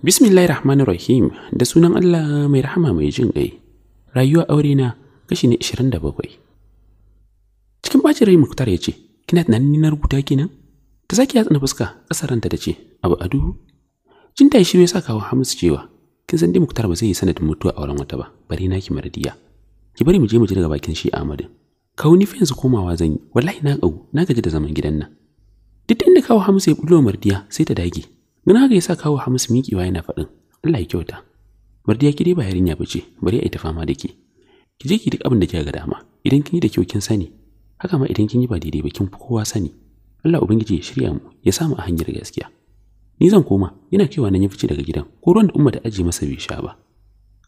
Bismillahirrahmanirrahim Rahim da sunan Allah mai rahama mai jin ƙai. Rayuwa aure na kashi ne 27. Cikin ɓacin rai Muktar ya ce, "Kina tunanin ni na rubuta kenan?" Ta sake yatsa na fuska ƙasar ranta da ce, "Abu a duhu." Jin ta yi shiru ya sa kawo Hamisu cewa, "Kin san dai Muktar ba zai yi sanadin mutuwa a wurin wata ba, bari na ki maradiya. Ki bari mu je mu ji daga bakin shi Ahmadu." kawo ni yanzu komawa zan yi wallahi na kawo na gaji da zaman gidan nan duk inda kawo Hamisu ya bulo mardiya sai ta dage gina haka yasa kawo Hamisu miƙewa yana faɗin Allah ya kyauta mardiya ki dai ba yarinya bace bari ai ta fama da ke ki je ki duk abin da kika ga dama idan kin yi da kyau kin sani haka ma idan kin yi ba daidai ba kin fi kowa sani Allah ubangiji ya shirya mu ya samu a hanyar gaskiya ni zan koma yana cewa nan ya fice daga gidan ko ruwan da umma ta aje masa bai sha ba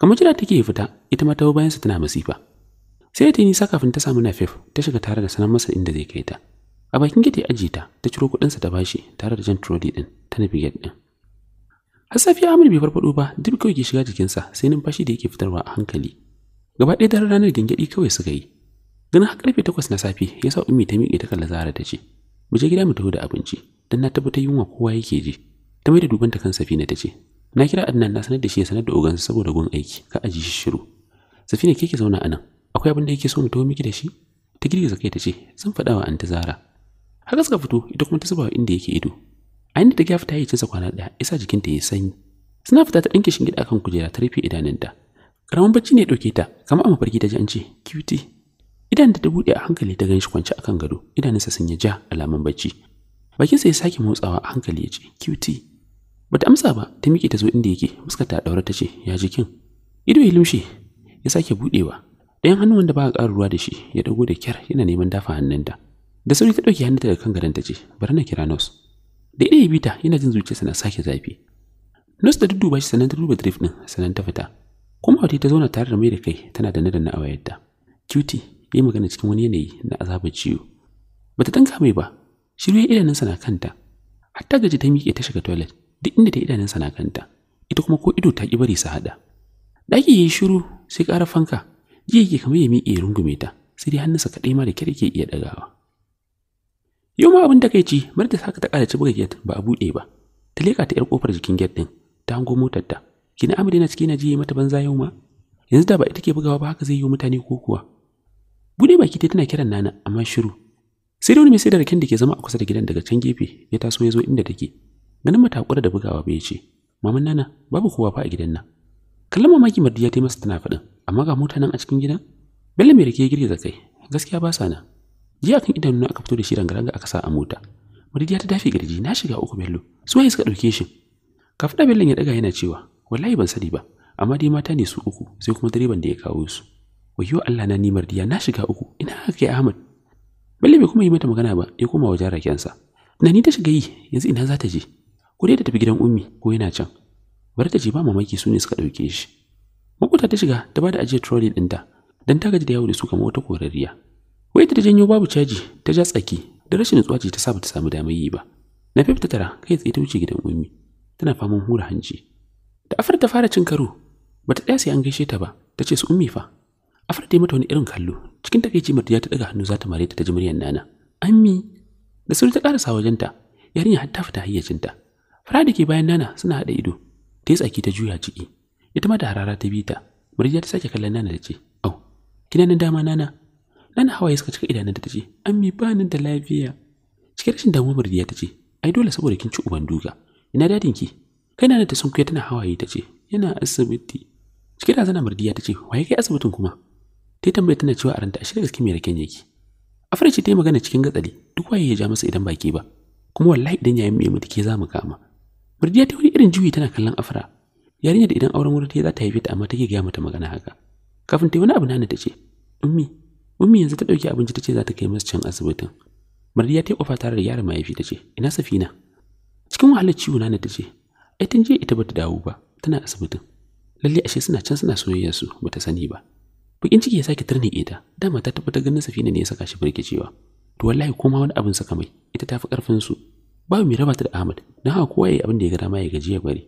kamar jira take ya fita ita ma ta bayan sa tana masifa sai ta yi nisa kafin ta samu nafef ta shiga tare da sanar masa inda zai kai ta a bakin gidi aji ta ta ciro sa ta bashi tare da jan trodi din ta nufi gate din har safiya amir bai farfado ba duk kawai ke shiga jikinsa sai nan numfashi da yake fitarwa a hankali gaba ɗaya daren ranar gingidi kawai suka yi ganin har karfe takwas na safe ya sa ummi ta miƙe ta kalla zara ta ce mu je gida mu taho da abinci dan na tabbata yunwa kowa yake ji ta mai da dubanta kan safina ta ce na kira adnan na sanar da shi ya sanar da ogansa saboda gun aiki ka aji shi shiru safina ke ke zauna a nan akwai abin da yake so mu tawo miki da shi ta girgiza kai ta ce zan faɗa wa anta zara haka suka fito ita kuma ta zuba wa inda yake ido a inda ta fita ta yi cinsa kwana ɗaya isa jikinta ya sanyi suna fita ta ɗinke shingida akan kujera ta rufe idanunta karamin bacci ne ya ɗauke ta kamar a mafarki ta ji an ce cutie idan ta buɗe a hankali ta ganshi kwance akan gado idanunsa sun yi ja alamun bacci bakinsa ya sake motsawa a hankali ya ce cutie bata amsa ba ta miƙe ta zo inda yake fuskar ta ɗaura ta ce ya jikin ido ya lumshe ya sake buɗewa Ɗayan hannun wanda ba a ƙara ruwa da shi ya ɗago da kyar yana neman dafa hannunta. Da sauri ta ɗauki hannunta daga kan gadon ta ce, bari na kira Nos. Da ya bi ta yana jin zuciyarsa na sake zafi. Nos da dudduba shi sannan ta duba drif ɗin sannan ta fita. Kuma wata ta zauna tare da mai da kai tana da da na a wayarta. Cuti ya yi magana cikin wani yanayi na azabar ciwo. Bata tanka mai ba, Shiru ya idanunsa na kanta. Hatta gaji ta miƙe ta shiga toilet duk inda ta idanunsa na kanta. Ita kuma ko ido ta ƙi bari su haɗa. Ɗaki ya shiru sai ƙara fanka ji yake kamar ya miƙe rungume ta sai dai hannunsa kaɗai ma da kyar yake iya ɗagawa yau ma abin takaici marta haka ta ƙara ci buga get ba a buɗe ba ta leƙa ta 'yar ƙofar jikin get ɗin ta hango motar ta kina amir yana ciki na ji mata banza yau ma yanzu da ba ita ke bugawa ba haka zai yi mutane ko kuwa buɗe baki ta tana kiran nana amma shiru sai da wani mai sai da raken da ke zama a kusa da gidan daga can gefe ya taso ya zo inda take ganin mata da bugawa bai ce maman nana babu kowa fa a gidan nan kallon mamaki madiya ta yi masa tana faɗin amma ga mota nan a cikin gidan bello mai rike girgiza kai gaskiya ba sa nan jiya kan idanu aka fito da shi rangaranga aka sa a mota madiya ta dafi girji na shiga uku bello su waye suka ɗauke shi ka faɗa bello ya ɗaga yana cewa wallahi ban sani ba amma dai mata ne su uku sai kuma direban da ya kawo su wayo Allah na ni diya na shiga uku ina haka kai Ahmad Bello bai kuma yi mata magana ba ya koma wajen rakensa na ni ta shiga yi yanzu ina za ta je ko dai ta tafi gidan ummi ko yana can bari ta ce ba mamaki su ne suka ɗauke shi makuta ta shiga ta ba da ajiyar trolley ɗinta don ta gaji da yawo da su kamar wata korariya wai ta janyo babu caji ta ja tsaki da rashin nutsuwa ce ta sa ta samu damar yi ba na fifta tara kai tsaye ta wuce gidan ummi tana faman hura hanci da afar ta fara cin karo bata ɗaya sai an gaishe ta ba ta ce su ummi fa afar ta yi mata wani irin kallo cikin takaici ya ta daga hannu za ta mare ta ta ji muryar nana ammi da sauri ta karasa wajenta yarinya har ta fita hayyacinta fara da ke bayan nana suna haɗa ido ta yi tsaki ta juya ciki ita ma da harara ta bita ta ta sake kallon nana da ce au kina nan dama nana nana hawaye suka cika idanun ta ce mi ba nan da lafiya cikin rashin damuwa murjiya ta ce ai dole saboda kin ci uban duka ina dadin ki kai nana ta sunkuya tana hawaye ta ce yana asibiti cikin zana murjiya ta ce waye kai asibitin kuma ta yi tambaya tana cewa a ranta ashe gaske mai raken yake afirci ta yi magana cikin gatsali duk waye ya ja masa idan baki ba kuma wallahi idan yayin mai mutu ke za mu kama Murdiya ta wani irin juyi tana kallon Afra. Yarinya da idan auren wurin za ta haife ta amma take gaya mata magana haka. Kafin ta yi wani abu nana ta ce, "Ummi, Ummi yanzu ta ɗauki abinci ta ce za ta kai masu can asibitin." Murdiya ta yi kofa tare da yaron mahaifi ta ce, "Ina Safina?" Cikin wahalar ciwo na ta ce, "Ai tun jiya ita bata dawo ba, tana asibitin." Lalle ashe suna can suna soyayyar su bata sani ba. Bukin ciki ya sake turnike ta, dama ta tabbata ganin Safina ne ya saka shi birkicewa. To wallahi koma wani abin saka mai, ita ta fi karfin su. Babu mai raba ta da Ahmad, don haka kowa ya yi abin da ya ga dama ya gaji ya bari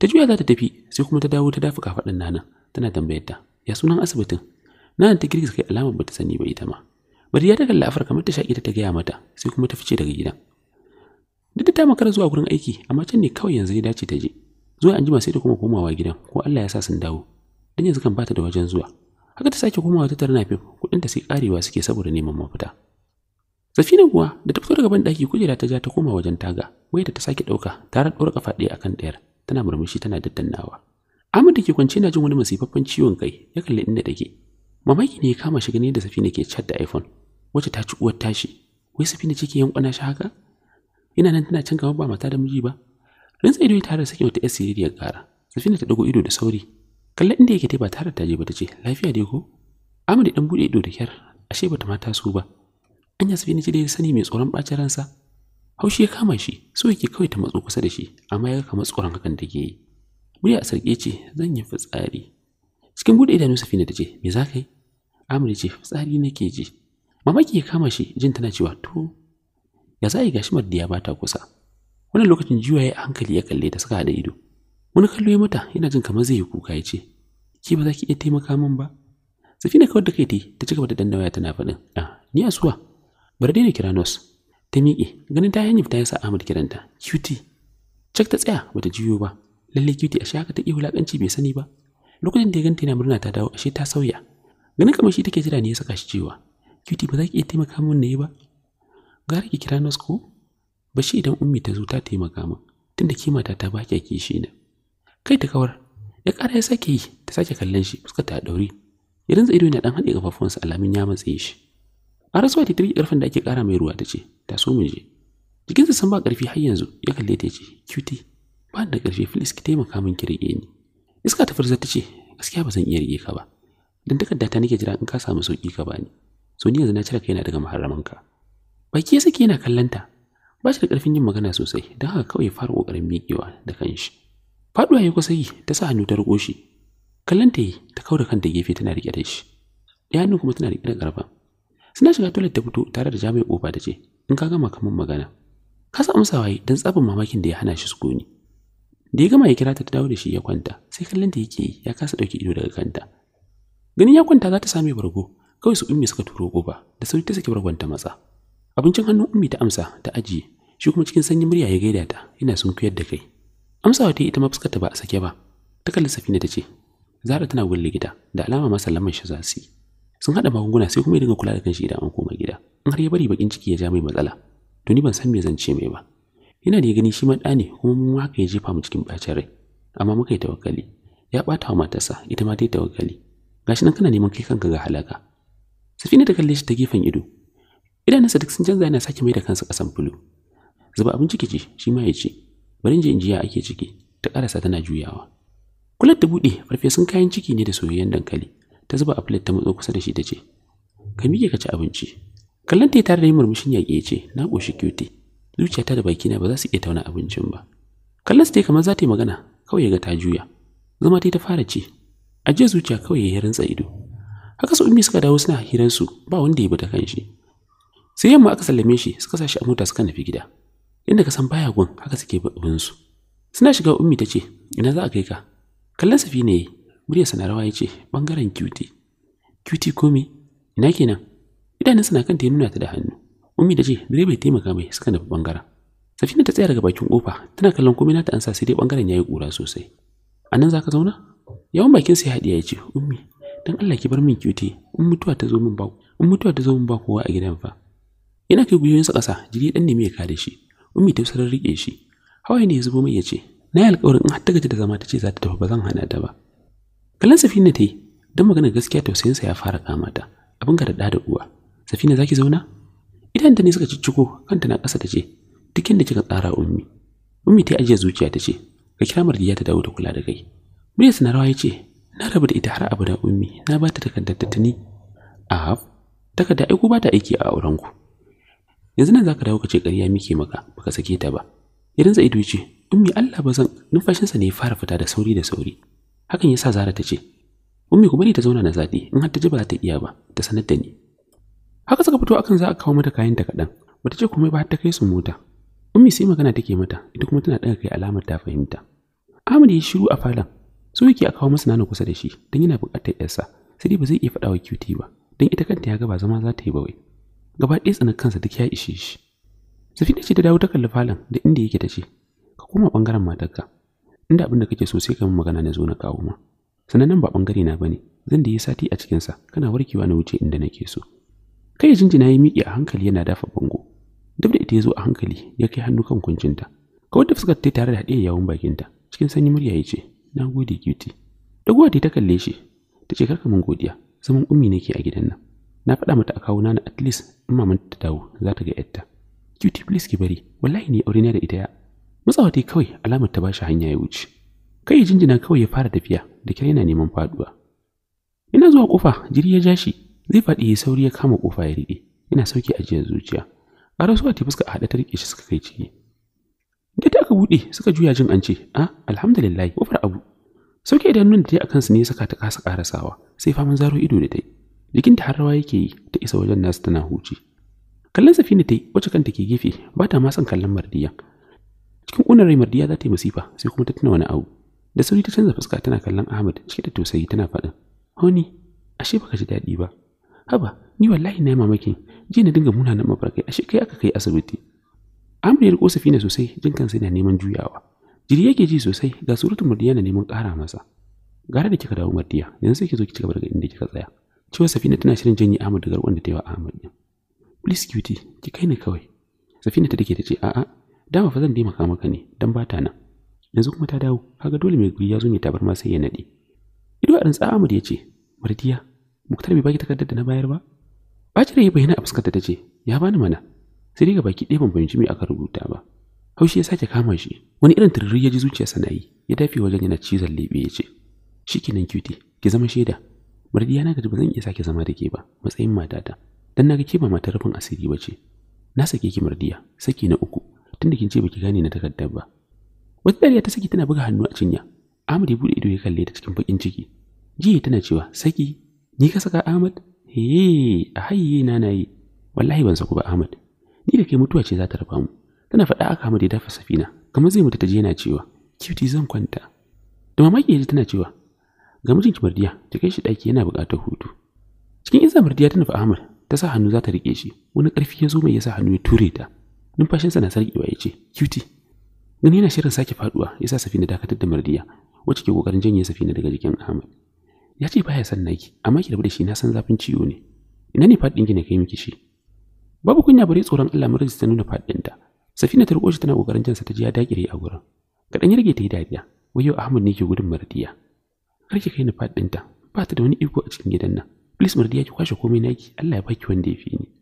ta juya za ta tafi sai kuma ta dawo ta dafa kafaɗin nana tana tambayar ta ya sunan asibitin nana ta girgiza kai alamar bata sani ba ita ma bari ya ta la'afar kamar ta shaƙi ta ta gaya mata sai kuma ta fice daga gidan duk da ta makara zuwa gurin aiki amma can ne kawai yanzu ya dace ta je zuwa an jima sai ta kuma komawa gidan ko Allah ya sa sun dawo dan yanzu kan bata da wajen zuwa haka ta sake komawa ta tarna fim kuɗin ta sai karewa suke saboda neman mafita Safina kuwa da ta fito daga ban daki kujera ta ja ta koma wajen taga, da ta sake ɗauka, rar ɗora kafa ɗaya akan ɗayar, tana murmushi tana daddannawa. Ahmad da ke kwance na jin wani masifaffen ciwon kai, ya kalli inda take. Mamaki ne ya kama shi gani da Safina ke chat da iPhone, wacce ta ci uwar tashi. Wai Safina ce ke yankwana shi haka? Ina nan tana can gaba ba mata da miji ba. Rinsa ido tare da sakewa wata 'yar siririyar kara. Safina ta dago ido da sauri, Kalle inda yake ba tare ta je ba ta ce lafiya dai ko amadu dan bude ido da kyar ashe bata ma taso ba an yasafi na ce da sani mai tsoron ɓacin ransa haushi ya kama shi so yake kawai ta matso kusa da shi amma ya kama tsoron hakan da ke yi murya a sarki ce zan yi fitsari cikin buɗe idanu safina ta ce me za ka yi amir ce fitsari nake ji mamaki ya kama shi jin tana cewa to ya za a yi gashi madda ya bata kusa wannan lokacin jiwa ya hankali ya kalle ta suka haɗa ido wani kallo ya mata yana jin kamar zai yi kuka ya ce ki ba za ki iya taimaka min ba safina kawar da kai ta ci gaba da danna tana faɗin ah, a ni bari dai da kira nos ta miƙe ganin ta hanyar ta yasa Ahmad kiranta Cuti. cak ta tsaya bata juyo ba Lallai cuti, a shaka ta iya wulakanci bai sani ba lokacin da ya ganta yana murna ta dawo ashe ta sauya ganin kamar shi take jira ne ya saka shi cewa Cuti ba za ki iya taimaka min ne ba gara ki kira nos ko ba shi idan ummi ta zo ta taimaka min tunda kima ta ta baki kishi ne. kai ta kawar ya ƙara ya sake yi ta sake kallon shi fuskar ta daure ya rinza ido yana dan haɗe kafafunsa alamin ya matse shi a rasuwa ta tiri ƙarfin da ake ƙara mai ruwa ta ce ta so mu je jikinsa san ba ƙarfi har yanzu ya kalle ta ce cuti ba da ƙarfi filis ki taimaka min ki rike ni iska ta farza ta ce gaskiya ba zan iya rike ka ba dan takarda ta nake jira in ka samu sauki ka bani so ni yanzu na cire kaina daga maharamanka baki ya sake yana kallanta ba shi da ƙarfin yin magana sosai don haka kawai fara ƙoƙarin miƙewa da kanshi faɗuwa ya kusa yi ta sa hannu ta riƙo shi kallanta yi ta da kanta gefe tana riƙe da shi ɗaya hannun kuma tana riƙe da ƙarfan suna shiga toilet ta fito tare da jami'in kofa ta ce in ka gama kaman magana kasa amsa waye dan tsabin mamakin da ya hana shi su sukuni da ya gama ya kira ta ta dawo da shi ya kwanta sai kallon ta yake ya kasa dauki ido daga kanta ganin ya kwanta za ta same bargo kawai su ummi suka turo kofa da sauri ta saki bargon ta matsa abincin hannun ummi ta amsa ta ajiye shi kuma cikin sanyin murya ya gaida ta yana kuyar da kai amsawa ta ita ma fuskar ta ba a sake ba ta kalli safina ta ce zara tana gulle gida, da alama masallaman shi za su yi sun haɗa magunguna sai kuma ya dinga kula da kanshi idan an koma gida in har ya bari bakin ciki ya ja mai matsala to ni ban san me zan ce mai ba yana da ya gani shi ma ɗa ne kuma mun haka ya jefa mu cikin ɓacin rai amma muka yi tawakkali ya ɓata wa matarsa ita ma ta yi tawakkali gashi nan kana neman kai kanka ga halaka safina ta kalle shi ta gefen ido idanunsa duk sun canza yana sake mai da kansa kasan fulu zuba abin ke ci shi ma ya ce bari in je in ji ya ake ciki ta karasa tana juyawa kulat ta buɗe farfesun kayan ciki ne da soyayyen dankali ta zuba a plate ta matso kusa da shi ta ce ka miƙe ka ci abinci kallon ta tare da yin murmushin yaƙi ya ce na ƙoshi Zuciya ta da bakina ba za su iya tauna abincin ba kallon su ta kamar za ta yi magana kawai ya ga ta juya zama ta ta fara ci a zuciya kawai ya yi rantsa ido haka su ummi suka dawo suna hiran su ba wanda ya bi ta kan shi sai yamma aka sallame shi suka sa shi a mota suka nufi gida inda ka san baya gun haka suke bin su suna shiga ummi ta ce ina za a kai ka kallon safi ne muryarsa na rawa ya ce ɓangaren cuti. Cuti komi? ina kenan idanun na kan ya nuna ta da hannu ummi da ce direba ya taimaka mai suka nufi ɓangaren safina ta tsaya daga bakin kofa tana kallon komai ta ansa sai dai ɓangaren ya yi ƙura sosai a nan za ka zauna yawan bakin sai haɗiya ya ce ummi dan Allah ki bar min cuti. in mutuwa ta zo min ba in mutuwa ta zo min ba kowa a gidan fa yana kai gwiwoyinsa ƙasa jiri dan nemi ya kada shi ummi ta sarar rike shi hawaye ne ya zubo mai ya ce na yi alƙawarin in har ta gaji da zama ta ce za ta tafi ba zan hana ta ba kallon safina ta yi don magana gaskiya tausayinsa ya fara kamata abin ga da da uwa safina zaki zauna idan ta ne suka cicciko kanta na kasa ta ce duk da kika tsara ummi ummi ta ajiye zuciya ta ce ka kira marjiya ta dawo ta kula da kai muryar na rawa ya ce na rabu da ita har abada ummi na ba ta takardar ta tuni a takarda aiko ba ta aiki a auren ku yanzu nan za ka dawo ka ce ƙarya muke maka baka sake ta ba idan zai ido ce ummi Allah ba zan numfashinsa ne ya fara fita da sauri da sauri hakan yasa Zara ta ce ummi ku bari ta zauna na zati in har ta ji ba za ta iya ba ta sanar da ni haka suka fito akan za a kawo mata kayan ta ba ta ce komai ba har ta kai su mota ummi sai magana take mata ita kuma tana ɗaga kai alamar ta fahimta Ahmad ya shiru a falon su yake a kawo masa nana kusa da shi don yana buƙatar yarsa sai dai ba zai iya faɗawa wa QT ba don ita kanta ya ga ba zama za ta yi ba wai gaba ɗaya tsana kansa duk ya ishe shi ta ce ta dawo ta kalli falon da inda yake ta ce, Ka koma ɓangaren matarka, inda abin da kake so sai ka min magana na zo na kawo ma sanannen ba bangare na bane zan da yi sati a cikin sa kana warkewa na wuce inda nake so kai jinjina ya miƙe a hankali yana dafa bango duk da ita ya zo a hankali ya kai hannu kan kuncinta kawai da fuskar ta tare da haɗe yawon bakinta cikin sanyi murya ya ce na gode cutie dagowa ta kalle shi ta ce karka min godiya zaman ummi nake a gidan nan na faɗa mata a kawo na at least in maman ta dawo za ta ga yarta cutie please ki bari wallahi ni aure na da ita matsawa kawai alamar ta bashi hanya ya wuce kai jinjina kawai ya fara tafiya da kira yana neman faduwa ina zuwa kofa jiri ya jashi, zai faɗi ya sauri ya kama kofa ya riɗe yana sauki ajiyar zuciya ƙarar suwa ta fuska a haɗe ta riƙe shi suka kai ciki da ta aka buɗe suka juya jin an ce a ah, alhamdulillah kofar abu sauke idanun da ta yi a kansu ne saka ta kasa karasawa sai faman zaro ido da ta yi jikinta har rawa yake yi ta isa wajen nasu tana huci kallon safina ta yi wacce kanta ke gefe ba ta ma son kallon mardiya cikin ƙunar rai mardiya za ta yi masifa sai kuma ta tuna wani abu da sauri ta canza fuska tana kallon ahmad cike da tausayi tana faɗin honi ashe baka ji daɗi ba haba ni wallahi na yi mamakin jiya na dinga munanan mafarkai ashe kai aka kai asibiti ahmad ya riko safina sosai jin kansa yana neman juyawa jiri yake ji sosai ga surutun mardiya na neman ƙara masa gara da kika dawo mardiya yanzu sai ki zo ki cigaba daga inda kika tsaya cewa safina tana shirin janye ahmad daga ruwan da ta yi wa ahmad ɗin please cutie ki kai ni kawai safina ta dake ta ce a'a dama fa zan taimaka maka ne dan bata nan yanzu kuma ta dawo kaga dole mai guri ya zo ne tabar ma sai ya nade ido a rantsa Ahmad ya ce Mardiya Muktar bai baki takardar da na bayar ba da ya bayyana a fuskar ta ce ya bani mana sai dai ga baki ɗaya ban fahimci me aka rubuta ba haushi ya sake kama shi wani irin tururi ya ji zuciyarsa na yi ya dafe wajen yana cizon leɓe ya ce shikenan cutie ki zama shaida Mardiya na gaji ba zan iya sake zama da ke ba matsayin matata dan naga ke ba matar rufin asiri ba ce na sake ki Mardiya saki na uku tunda kin ce baki gane na takardar ba wata dariya ta saki tana buga hannu a cinya Ahmad ya bude ido ya kalle ta cikin bakin ciki jiya tana cewa saki ni ka saka Ahmad he eh, a hayye na yi. wallahi ban saku ba Ahmad ni da kai mutuwa ce za ta rafa mu tana faɗa aka Ahmad ya dafa safina kamar zai mutu ta je yana cewa kiti zan kwanta da mamaki ya ji tana cewa ga mijinki Mardiya ta kai shi daki yana buƙatar hutu cikin isa Mardiya ta nufi Ahmad ta sa hannu za ta rike shi wani ƙarfi ya zo mai ya sa hannu ya ture ta numfashinsa na sarki ya ce cutie gani yana shirin sake faduwa ya sa safina dakatar da mardiya wacce ke kokarin janye safina daga jikin ahmad ya ce baya san naki amma ki rabu da shi na san zafin ciwo ne ina ne fadin ki ne kai miki shi babu kunya bare tsoron Allah mun rijista nuna fadin ta safina ta riko shi tana kokarin jansa ta ji ya dakire a gurin kadan ya rage ta yi dariya wayo ahmad ne ke gudun mardiya kar ki kai ni fadin ta ba ta da wani iko a cikin gidan nan please mardiya ki kwashe komai naki Allah ya baki wanda ya fi ni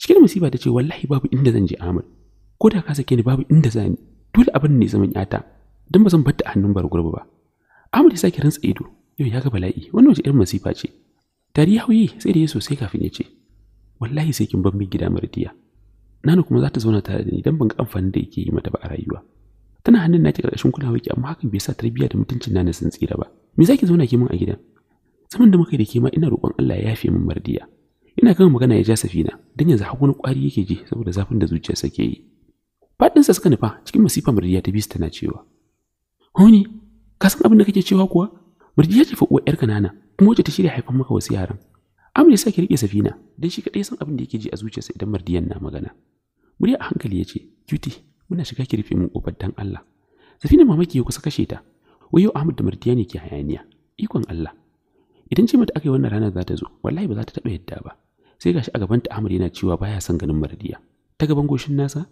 cikin musiba ta ce wallahi babu inda zan je Ahmad ko da ka sake ni babu inda zan dole abin ne zaman yata dan ba zan bar ta a hannun gurbi ba Ahmad ya sake rantsa ido yau ya ga bala'i wannan wace irin masifa ce tari hauyi sai da ya sosai kafin ya ce wallahi sai kin bar gida mardiya nana kuma za ta zauna tare da ni dan ban ga amfanin da yake yi mata ba a rayuwa tana hannun naki karkashin kulawa ki amma hakan bai sa tarbiyya da mutuncin nana sun tsira ba me zaki zauna ki min a gidan zaman da muka yi da ke ma ina roƙon Allah ya yafe min mardiya ina kan magana ya ja safina dan yanzu har wani kwari yake ji saboda zafin da zuciyarsa ke yi faɗinsa suka nufa cikin masifa murjiya ta bisa tana cewa honi ka san abin da kake cewa kuwa murjiya ce fa uwar yar kanana kuma wacce ta shirya haifan maka wasu yaran amri sa ki rike safina dan shi kaɗai san abin da yake ji a zuciyarsa idan mardiyan na magana murya a hankali ya ce Cuti, muna shiga ki rufe min ƙofar dan Allah safina mamaki ya kusa kashe ta wayo Ahmad da mardiya ne ke hayaniya ikon Allah idan ce mata aka yi wannan rana za ta zo wallahi ba za ta taɓa yadda ba sai gashi a ta Ahmad yana cewa baya son ganin Mardiya ta gaban goshin nasa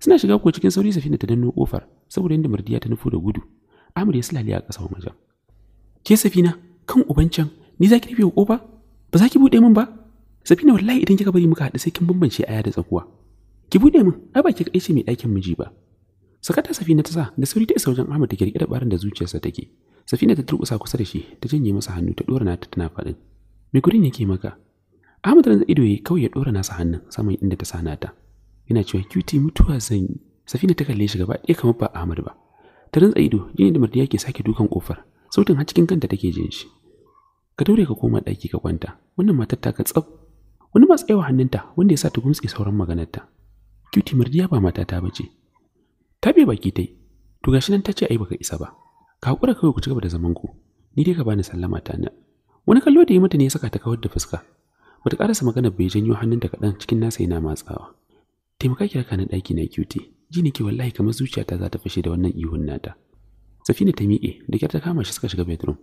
suna shiga ko cikin sauri safina ta danno kofar saboda inda Mardiya ta nufo da gudu Ahmad ya sulale a ƙasa wajen ke safina kan Uban can. ni zaki rufe kofa ba za ki bude min ba safina wallahi idan kika bari muka haɗu sai kin bambance aya da tsakuwa ki buɗe min ai ba ki kai ce mai ɗakin miji ba sakata safina ta sa da sauri ta isa wajen Ahmad da kirkira barin da zuciyarsa take safina ta turkusa kusa da shi ta janye masa hannu ta dora nata tana faɗin me gurin yake maka Ahmad da ido ya kawai ya dora nasa hannun saman inda ta sana ta. Yana cewa cuti mutuwa zan yi. Safina ta kalle shi gaba ɗaya kamar ba Ahmad ba. Ta rantsa ido gini da Mardiya ke sake dukan kofar. Sautin har cikin kanta take jin shi. Ka daure ka koma ɗaki ka kwanta. Wannan matar ta ka tsaf. Wani ma tsayawa hannunta wanda ya sa ta gumtse sauran maganarta. Cuti Mardiya ba mata ta bace. Ta bi baki tai. To gashi nan ta ce ai baka isa ba. Ka hakura kawai ku ci gaba da zaman ku. Ni dai ka bani sallama ta na. Wani kallo da ya mata ne ya saka ta kawar da fuska. Bata ƙarasa magana bai janyo hannunta kaɗan cikin nasa yana matsawa. Taimaka ki raka ni ɗaki na cutie. Ji ni ke wallahi kamar zuciyata za ta fashe da wannan ihun nata. Safina ta miƙe da kyar ta kama shi suka shiga bedroom.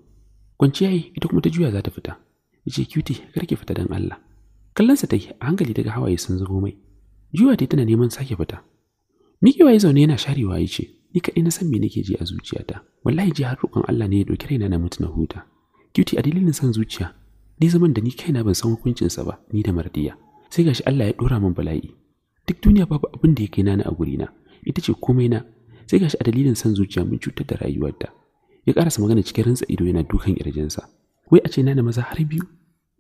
Kwanciya yayi ita kuma ta juya za ta fita. Yace cutie kar ki fita dan Allah. Kallansa ta yi a hankali daga hawaye sun zubo mai. Juya ta tana neman sake fita. Miƙewa ya zaune yana sharewa ya ce, Ni kaɗai na san me nake ji a zuciyata, wallahi ji har roƙon Allah ne ya ɗauki raina na mutu na huta. kyuti a dalilin son zuciya, ni zaman da ni kaina ban san hukuncinsa ba ni da mardiya sai gashi Allah ya dora min bala'i duk duniya babu abin da ya kai na a gurina ita ce komai na sai gashi a dalilin san zuciya mun cutar da rayuwarta ya karasa magana cikin rantsa ido yana dukan kirjinsa wai a ce na maza har biyu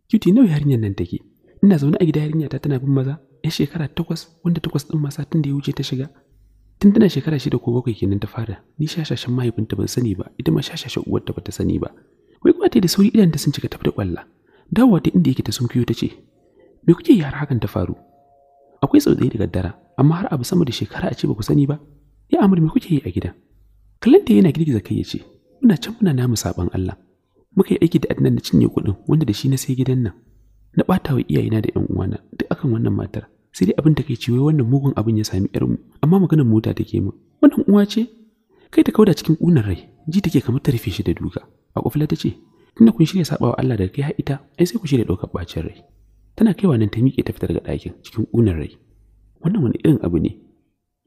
cuti nawa yarinyar nan take ina zaune a gida yarinya ta tana bin maza yan shekara takwas wanda takwas din masa tun da ya wuce ta shiga tun tana shekara shida ko bakwai kenan ta fara ni shashashen mahaifinta ban sani ba ita ma shashashen uwarta bata sani ba wai kuma ta da sauri idan ta sun cika tafi da kwalla dawowa ta inda yake ta sunkuyo ta ce me kuke yi har hakan ta faru akwai tsautsayi da gaddara amma har abu sama da shekara a ce ba ku sani ba ya amur me kuke yi a gida kalanta yana girgiza kai ya ce muna can muna namu saban Allah muka yi aiki da adnan na cinye kuɗin wanda da shi na sai gidan nan na ɓata wa iyayena da 'yan uwana duk akan wannan matar sai dai abin da kai ciwo wannan mugun abin ya sami mu amma maganar mota take mu wannan uwa ce kai ta kauda cikin ƙunar rai ji take kamar ta rufe shi da duka a kofila ta ce tunda kun shirya sabawa Allah da kai ha ita ai sai ku shirya ɗaukar bacin rai tana kaiwa nan ta miƙe ta fita daga ɗakin cikin ƙunar rai wannan wani irin abu ne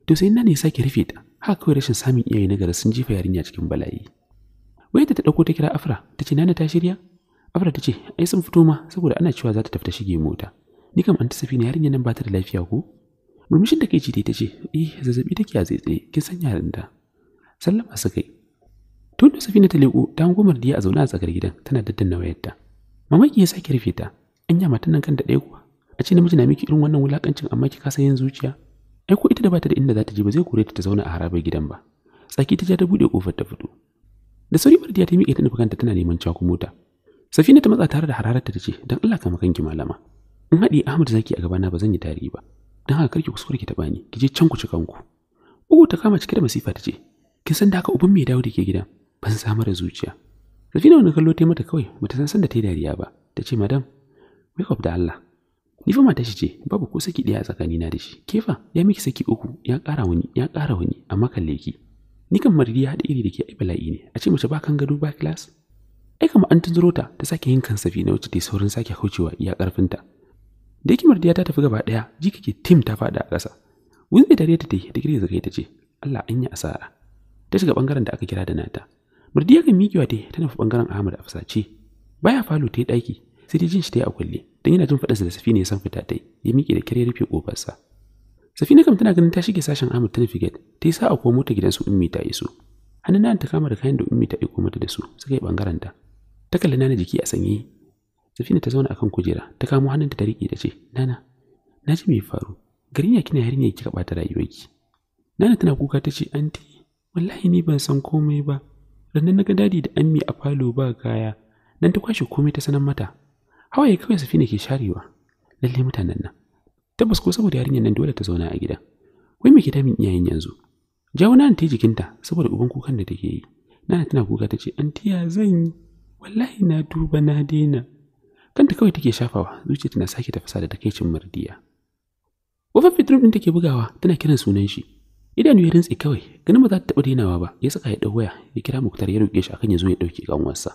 to sai nan ne sake rufe ta haka kawai rashin samun iyaye na gara sun jefa yarinya cikin balayi. wai ta ɗauko ta kira afra ta ce nana ta shirya afra ta ce ai sun fito ma saboda ana cewa za ta tafi ta shige mota ni kam an ta safi ne yarinya nan ba ta da lafiya ko murmushin da kai ce ta ce eh zazzabi take a tsaye kin san yarinta sallama su kai Tun da Safina ta leƙo ta da Mardiya a zaune a tsakar gidan tana daddanna wayarta. Mamaki ya sake rufe ta. Anya matan nan kanta ɗaya kuwa. A ce namiji na miki irin wannan wulakancin amma ki kasa yin zuciya. Ai ko ita da bata da inda za ta je ba zai kore ta ta zauna a harabar gidan ba. Tsaki ta ja ta buɗe kofar ta fito. Da sauri Mardiya ta miƙe ta nufi kanta tana neman mota. Safina ta matsa tare da hararta ta ce, "Don Allah ka kanki malama. In haɗi Ahmad zaki a gabana ba zan yi tari ba. dan haka karki kuskure ki taɓa ni, ki je can ku ci kanku." Ugu ta kama cike da masifa ta ce, "Kin san da haka uban me dawo da ke gidan?" ban samar da zuciya Rafina wani kallo ta mata kawai mata san san da ta yi dariya ba ta ce madam wake up da Allah ni fa mata shi ce babu ko saki ɗaya a tsakanina da shi kefa ya miki saki uku ya ƙara wani ya ƙara wani amma kalle ki ni kan maridi iri da ke ai bala'i ne a ce mace ba kan gado ba class ai kamar an tunzuro ta ta sake yin kansafi na wacce ta saurin sake kaucewa iya ƙarfinta da yake mardiya ta tafi gaba ɗaya ji kake tim ta faɗa a ƙasa wunzai tare ta ta yi ta kai ta ce Allah an yi asara ta shiga bangaren da aka kira da nata murdiya kan wa ta tana fi bangaren ahmad a fusace baya falo ta yi ɗaki sai ta jin shi ta yi a kulle don yana jin faɗansa da safina ya san fita ta ya miƙe da kare ya rufe ƙofarsa safina kam tana ganin ta shige sashen ahmad tana nufi ta yi sa'a ko mota gidansu ummi ta iso hannun nan ta kama da kayan da ummi ta iko mata da su suka yi bangaren ta ta kalli nana jiki a sanye safina ta zauna akan kujera ta kamo hannunta ta riƙe ta ce nana na ji me faru garin ya kina yarinya kika bata rayuwarki nana tana kuka ta ce anti wallahi ni ban san komai ba rannan na ga dadi da ammi a falo ba kaya nan ta kwashe komai ta sanan mata hawaye kawai safina ke sharewa lalle mutanen nan tabbas ko saboda yarinyar nan dole ta zauna a gida wai me ke damin iyayen yanzu jawo nan ta jikinta saboda uban kukan da take yi nana tana kuka ta ce antiya zan yi wallahi na duba na daina kanta kawai take shafawa zuciyarta tana sake tafasa da takaicin mardiya Kofar fitirin ɗin take bugawa tana kiran sunan shi, idan ya rintsi kawai ganin ba za ta taɓa dainawa ba ya saka ya ɗau waya ya kira muktar ya roƙe shi akan ya zo ya ɗauke wasa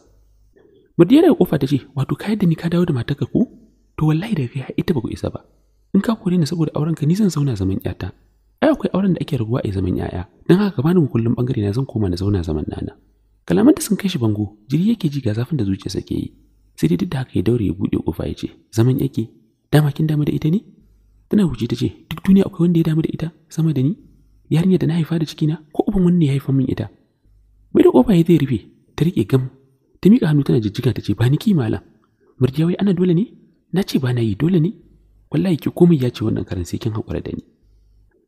murdiya daga kofa ta ce wato ka yadda ni ka dawo da matarka ku. to wallahi daga kai ita ba ku isa ba in ka kore ni saboda aurenka ni zan zauna zaman ta. ai akwai auren da ake rabuwa a zaman yaya dan haka bani mu kullum bangare na zan koma na zauna zaman nana kalamanta sun kai shi bango jiri yake ji ga zafin da zuciyarsa ke yi sai dai duk da haka ya daure ya bude kofa ya ce zaman yake dama kin damu da ita ne tana huce ta ce duk duniya akwai wanda ya damu da ita sama da ni yarinyar da na haifa da cikina ko uban wani ne ya haifa min ita bai da kofa ya zai rufe ta rike gam ta miƙa hannu tana jijjiga ta ce ba ni kimala murjiya wai ana dole ne na ce ba na yi dole ne wallahi ki komai ya ce wannan karan sai kin haƙura da ni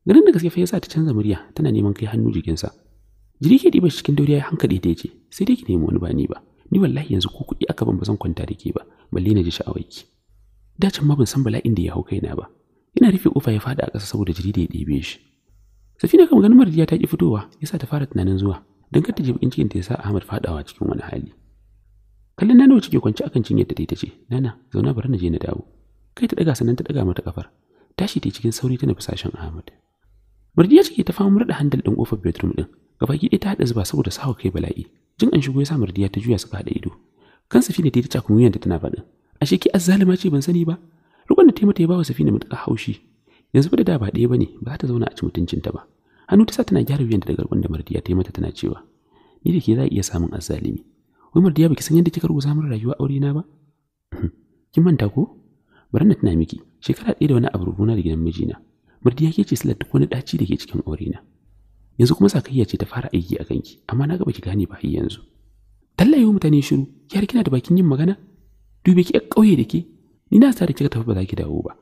ganin da gaske fa yasa ta canza murya tana neman kai hannu jikinsa jiri ke ɗiba cikin dauriya ya hankali da ce sai dai ki nemi wani ba ni ba ni wallahi yanzu ko kuɗi aka ban ba zan kwanta da ke ba balle na ji sha'awarki dacin ma ban san bala'in da ya hau kaina ba ina rufe kofa ya faɗi a ƙasa saboda jiri da ya ɗebe shi Safina kuma ganin Mardiya ta ki fitowa, yasa ta fara tunanin zuwa, dan kar ta ji bakin cikin ta yasa Ahmad fadawa cikin wani hali. Kallon Nana cike ke kwance akan cinyar ta ta ce, "Nana, zauna bari na je na dawo." Kai ta daga sannan ta daga mata kafar. Tashi ta cikin sauri tana fusashen Ahmad. Mardiya ce ta fama murda handal din kofar bedroom din. Gaba ɗaya ta hada zuba saboda sawa kai bala'i. Jin an shigo ya sa Mardiya ta juya suka hada ido. Kan Safina ta ta cakun wuyan tana faɗin. Ashe ki azzalima ce ban sani ba. Rukun da taimata ya ba wa Safina mutaka haushi yanzu da da ba ɗaya bane ba ta zauna a ci mutuncinta ba hannu ta sa tana gyara wuyan da garkon da mardiya ta yi mata tana cewa ni da ke za a iya samun azzalimi wai mardiya baki san yadda kika rubuta min rayuwa aure na ba uhm, kin manta ko bari na miki shekara ɗaya da wani abu rubuna da gidan mijina mardiya ke ce silar duk wani ɗaci da ke cikin aure na yanzu kuma sakayya ce ta fara aiki a kanki amma na ga baki gane ba har yanzu tallaye mutane shiru yar kina da bakin yin magana dube ki ƙauye da ke ni na sa da kika tafi ba za ki dawo ba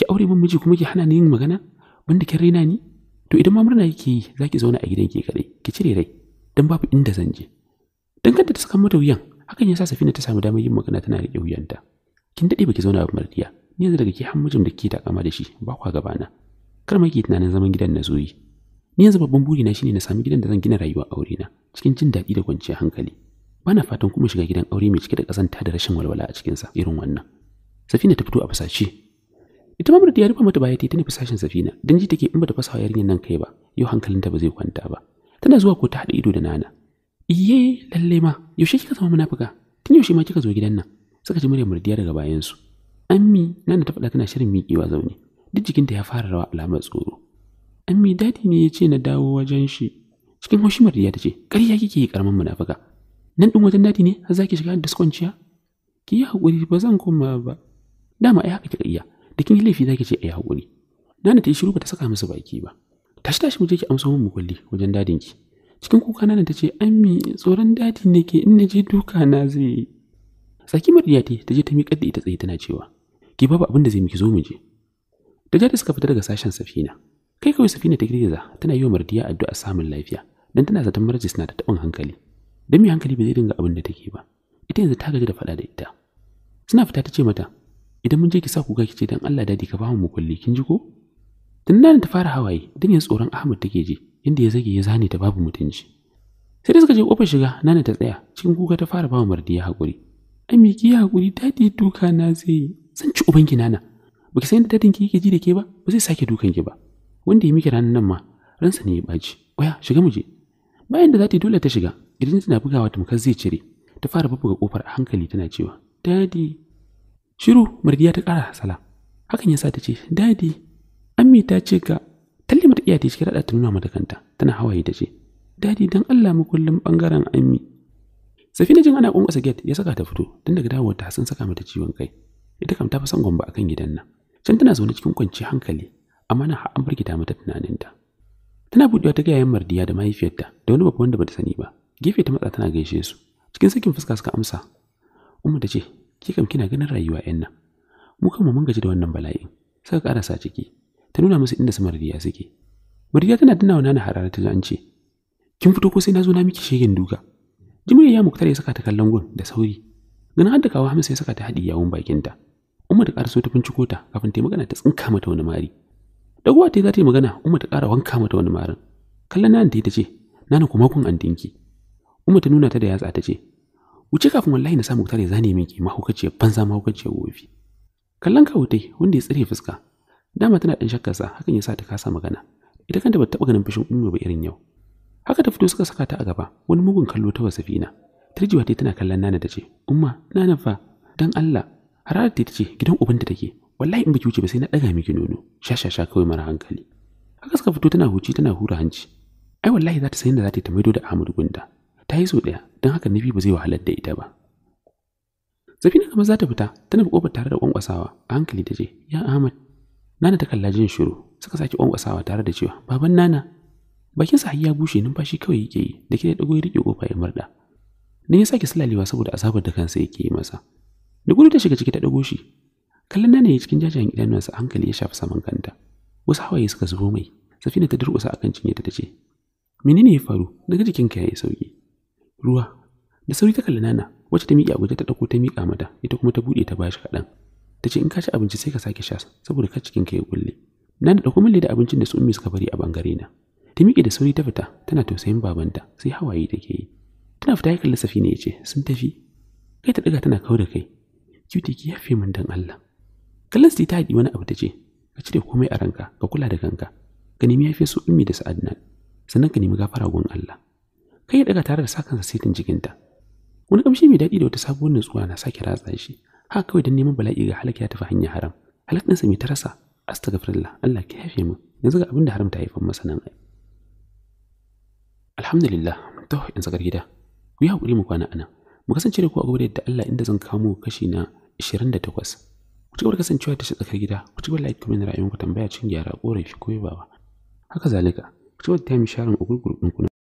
ki aure min miji kuma ki hana ni yin magana banda kin raina ni to idan ma murna yake yi zaki zauna a gidan ki kadai ki cire rai dan babu inda zan je dan kanta ta saka mata wuyan hakan yasa Safina ta samu damar yin magana tana rike wuyanta kin dade baki zauna ba mardiya ni yanzu daga ki har mijin da ke takama da shi ba kwa gabana kar ma ki tunanin zaman gidan na zoyi ni yanzu babban burina shine na sami gidan da zan gina rayuwar aure na cikin jin daɗi da kwanciyar hankali bana fatan kuma shiga gidan aure mai cike da kasanta da rashin walwala a cikinsa irin wannan safina ta fito a fasace ita ma da ya rufe mata baya ta nufi sashin safina don ji take in bata fasa yarinyar nan kai ba yau hankalinta ba zai kwanta ba tana zuwa ko ta haɗa ido da nana iye lalle ma yaushe kika zama munafuka tun yaushe ma kika zo gidan nan suka ji murya murdiya daga su ammi nana ta faɗa tana shirin miƙewa zaune duk jikinta ya fara rawa alamar tsoro ammi dadi ne ya ce na dawo wajen shi cikin haushi murdiya ta ce ƙarya kike yi karamin munafuka nan ɗin wajen dadi ne har ki shiga da kwanciya ki yi haƙuri ba zan koma ba dama ai haka kika iya dikin laifi zaki ce ai hakuri nana ta shiru bata saka masa baki ba tashi tashi muje ki amsa mun mukulli wajen dadin ki cikin kuka nana ta ce ammi tsoron dadi nake in in naje duka na zai saki mariya ta je ta miƙar da ita tsaye tana cewa ki baba abin da zai miki zo mu je da jada suka fita daga sashen safina kai kawai safina ta girgiza tana yi wa mardiya addu'a samun lafiya dan tana zaton marjis na da taɓin hankali don mai hankali ba zai dinga abin da take ba ita yanzu ta gaji da faɗa da ita suna fita ta ce mata idan mun je ki sa kuka ki ce dan Allah dadi ka mu mukulli kin ji ko tunnan ta fara hawaye dan ya tsoron Ahmad take je inda ya zage ya zane ta babu mutunci sai da suka je kofar shiga nana ta tsaya cikin kuka ta fara bawa mardiya hakuri ami ya hakuri dadi duka na zai san ci ubanki nana baki san da dadin ki yake ji da ke ba ba zai sake dukan ki ba wanda ya miki ranan nan ma ransa ne ya baci waya shiga mu je bayan da za dole ta shiga idan tana bugawa tamkar zai cire ta fara bubbuga kofar a hankali tana cewa dadi Shiru Mardiya ta kara hasala. Hakan ya sa ta ce, "Dadi, Ammi ta ce ga talle mata iya ta ce raɗa ta nuna mata kanta." Tana hawaye ta ce, "Dadi dan Allah mu kullum bangaren Ammi." Safina jin ana ƙwanƙwasa gate ya saka ta fito, dan daga dawo ta sun saka mata ciwon kai. Ita kam ta fi son gomba akan gidan nan. Can tana zaune cikin kwanci hankali, amma na an ta mata tunaninta. Tana buɗewa ta gayayen Mardiya da mahaifiyarta da wani babban da bata sani ba. Gefe ta matsa tana gaishe su. Cikin sakin fuska suka amsa. Umma ta ce, Ki kam kina ganin rayuwa yan nan. Mu kan mun gaji da wannan bala'in. Saka karasa ciki. Ta nuna musu inda su mariya suke. Mariya tana tunawa na harara ta an Kin fito ko sai na zo na miki shegen duka. Jimiri ya muktar ya saka ta kallon gun da sauri. Ganin hadda kawo Hamsa ya saka ta haɗi bakinta. Umma ta so ta binciko ta kafin ta magana ta tsinka mata wani mari. Dagowa ta yi za ta yi magana Umma ta ƙara wanka mata wani marin. Kallon nan ta yi ta ce, Nana kuma kun an dinki Umma ta nuna ta da yatsa ta ce, wuce kafin wallahi na samu tare zane miki mahaukaciyar banza mahaukaciyar wofi kallon kawo dai wanda ya tsire fuska dama tana ɗan sa hakan ya sa ta kasa magana ita kanta bata taɓa ganin fushin umma ba irin yau haka ta fito suka saka ta a gaba wani mugun kallo ta wasafina tarjiwa ta tana kallon nana tace ce umma nana fa dan Allah hararar ta ce gidan ubanta take wallahi in baki wuce ba sai na daga miki nono sha sha sha kawai mara hankali haka suka fito tana huci tana hura hanci ai wallahi za ta san inda za ta maido da Ahmadu Gunda ta yi so daya don haka nufi ba zai wahalar da ita ba Zafina kamar za ta fita tana fi kofar tare da kwankwasawa a hankali ta ce ya Ahmad Nana ta kalla jin shiru suka sake kwankwasawa tare da cewa baban Nana Bakin sa ya bushe numfashi kawai yake yi da ke da dago ya rike kofa ya murda dan ya sake sulalewa saboda azabar da kansa yake yi masa da gudu ta shiga ciki ta dago shi kallon nana ya cikin jajayen idanunsa hankali ya shafi saman kanta wasu hawaye suka zubo mai safina ta durƙusa akan cinye ta ce. menene ya faru daga jikinka yi sauki ruwa da sauri ta kalli nana wacce ta miƙe abuja ta ɗauko ta miƙa mata ita kuma ta buɗe ta bashi kaɗan ta ce in ka ci abinci sai ka sake sha saboda ka cikin ka ya kulle nana ɗauko min da abincin da su ummi suka bari a bangare na ta miƙe da sauri ta fita tana tausayin babanta sai hawaye take yi tana fita ya kalli safina ya ce sun tafi kai ta ɗaga tana kawo da kai cuti ki yafe min dan Allah kallon ta haɗi wani abu ta ce ka cire komai a ranka ka kula da kanka ka nemi yafe su ummi da sa'adnan sannan ka nemi gafara gun Allah kai ya daga tare da sakan sitin jikinta wani kamshi mai daɗi da wata sabuwar nutsuwa na sake ratsa shi haka kawai don neman bala'i ga halaka ya tafi hanya haram halak ɗinsa mai rasa astagfirullah Allah ki haife mu yanzu ga abin da haram ta haifar masa nan ai alhamdulillah to in tsakar gida ku yi haƙuri mu kwana anan mu kasance da ku a gobe da yadda Allah inda zan kawo kamo kashi na 28 ku ci gaba kasancewa da shi tsakar gida ku ci gaba like comment ra'ayinku tambaya cin gyara korafi ko yabawa haka zalika ku ci gaba da time sharing a ku